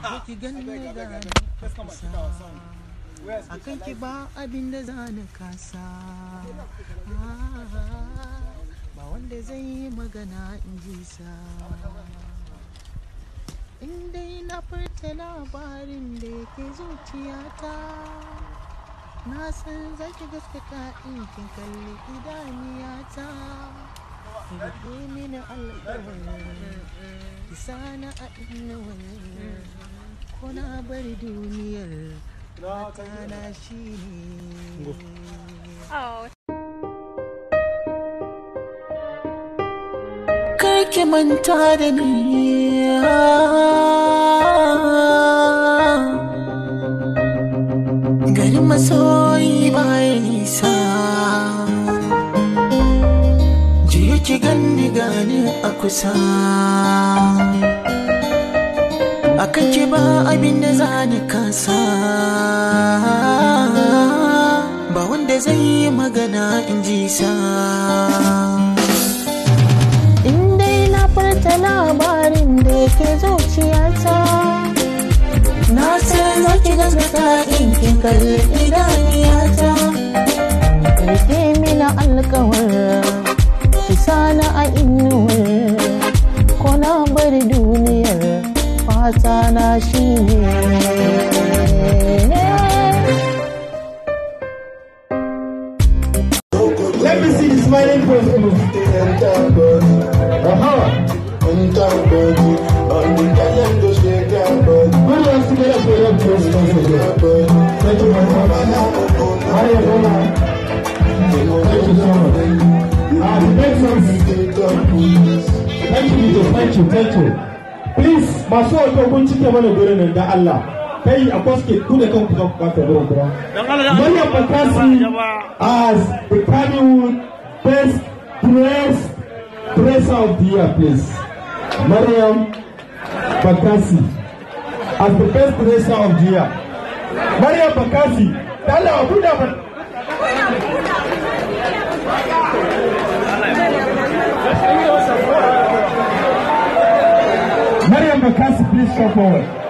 Baki ganin da kusa a kan ki ba abin da zani kasa ba wanda zai yi magana in ji sa in dai na furta labarin da yake zuciyata na san zaki gaskata in kin kalli ta mini alƙawarin sana a ɗinawar ko na bari duniyar matana shi ne ki manta da ni garin masoyi bayan nisa ki ganni gani a kusa a kake ba abin da za ni kasa ba wanda zai yi magana in ji sa in dai na furta labarin da yake zuciyata na san zaki ki gaskata in kin kalli idaniyata Rike mina alkawar a bar duniyar fata na Let me see smiling face. the entire Aha! Entire shake of the body. Thank thank you thank you thank you please masu kun cike mana nan da Allah kai a koske ku da kanku za as the best dress dresser of the year please Bakasi as the best dresser of the year Bakasi abu da Mariam Bukasi, please come forward.